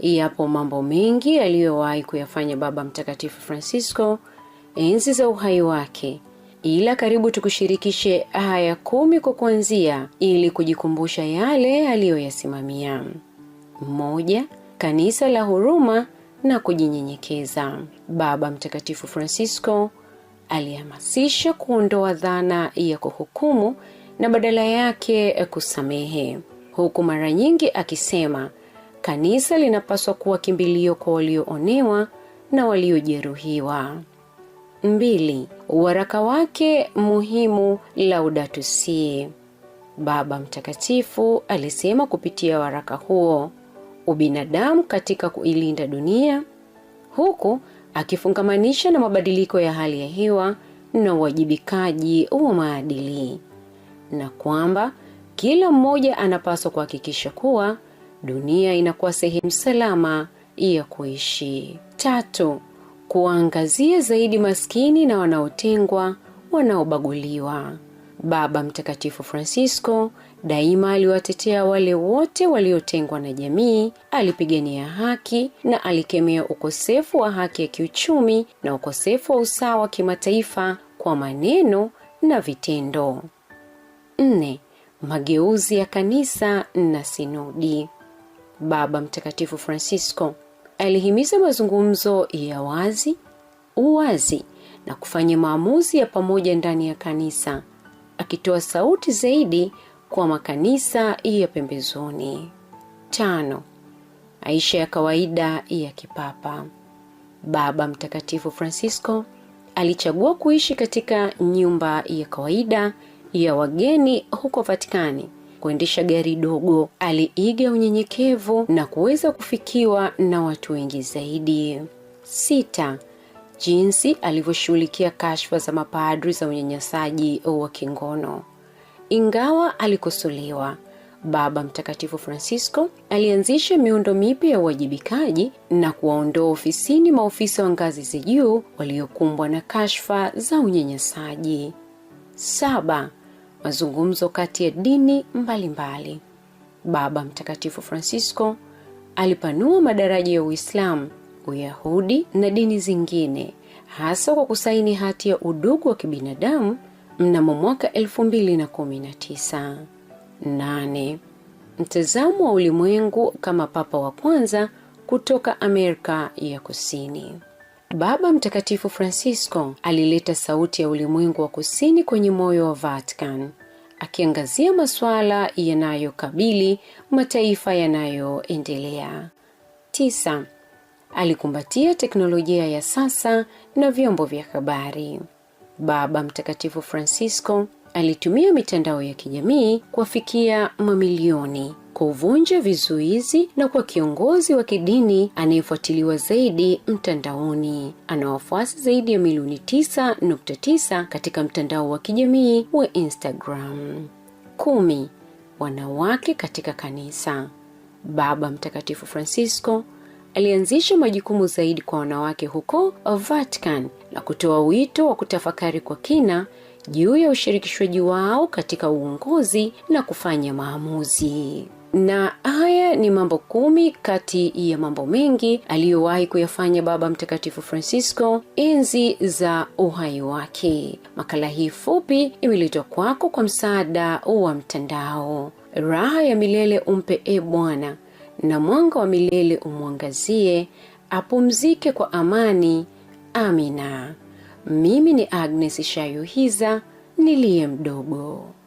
Yapo mambo mengi aliyowahi kuyafanya Baba Mtakatifu Francisco enzi za uhai wake, ila karibu tukushirikishe haya kumi kwa kuanzia, ili kujikumbusha yale aliyoyasimamia. Moja, kanisa la huruma na kujinyenyekeza. Baba Mtakatifu Francisco alihamasisha kuondoa dhana ya kuhukumu na badala yake kusamehe, huku mara nyingi akisema Kanisa linapaswa kuwa kimbilio kwa walioonewa na waliojeruhiwa. Mbili, waraka wake muhimu Laudato Si. Baba Mtakatifu alisema kupitia waraka huo ubinadamu katika kuilinda dunia, huku akifungamanisha na mabadiliko ya hali ya hewa na uwajibikaji wa maadili, na kwamba kila mmoja anapaswa kuhakikisha kuwa dunia inakuwa sehemu salama ya kuishi. Tatu, kuwaangazia zaidi maskini na wanaotengwa, wanaobaguliwa. Baba Mtakatifu Francisco daima aliwatetea wale wote waliotengwa na jamii, alipigania haki na alikemea ukosefu wa haki ya kiuchumi na ukosefu wa usawa wa kimataifa kwa maneno na vitendo. Nne, mageuzi ya kanisa na sinodi. Baba Mtakatifu Francisco alihimiza mazungumzo ya wazi, uwazi na kufanya maamuzi ya pamoja ndani ya kanisa, akitoa sauti zaidi kwa makanisa ya pembezoni. Tano, maisha ya kawaida ya kipapa. Baba Mtakatifu Francisco alichagua kuishi katika nyumba ya kawaida ya wageni huko Vatikani kuendesha gari dogo. Aliiga unyenyekevu na kuweza kufikiwa na watu wengi zaidi. Sita, jinsi alivyoshughulikia kashfa za mapadri za unyanyasaji wa kingono. Ingawa alikosolewa, Baba Mtakatifu Francisco alianzisha miundo mipya ya uwajibikaji na kuwaondoa ofisini maofisa wa ngazi za juu waliokumbwa na kashfa za unyanyasaji. Saba, mazungumzo kati ya dini mbalimbali mbali. Baba Mtakatifu Francisco alipanua madaraja ya Uislamu, Uyahudi na dini zingine, hasa kwa kusaini hati ya udugu wa kibinadamu mnamo mwaka 219 8. Mtazamo wa ulimwengu kama papa wa kwanza kutoka Amerika ya Kusini. Baba Mtakatifu Francisco alileta sauti ya ulimwengu wa kusini kwenye moyo wa Vatican, akiangazia masuala yanayokabili mataifa yanayoendelea. Tisa, alikumbatia teknolojia ya sasa na vyombo vya habari. Baba Mtakatifu Francisco alitumia mitandao ya kijamii kuwafikia mamilioni kuvunja vizuizi na kwa kiongozi wa kidini anayefuatiliwa zaidi mtandaoni. Ana wafuasi zaidi ya milioni 9.9 katika mtandao wa kijamii wa Instagram. Kumi, wanawake katika kanisa. Baba Mtakatifu Francisco alianzisha majukumu zaidi kwa wanawake huko Vatican na kutoa wito wa kutafakari kwa kina juu ya ushirikishwaji wao katika uongozi na kufanya maamuzi na haya ni mambo kumi kati ya mambo mengi aliyowahi kuyafanya Baba Mtakatifu Francisco enzi za uhai wake. Makala hii fupi imeletwa kwako kwa msaada wa mtandao. Raha ya milele umpe e Bwana, na mwanga wa milele umwangazie, apumzike kwa amani. Amina. Mimi ni Agnes Shayuhiza niliye mdogo.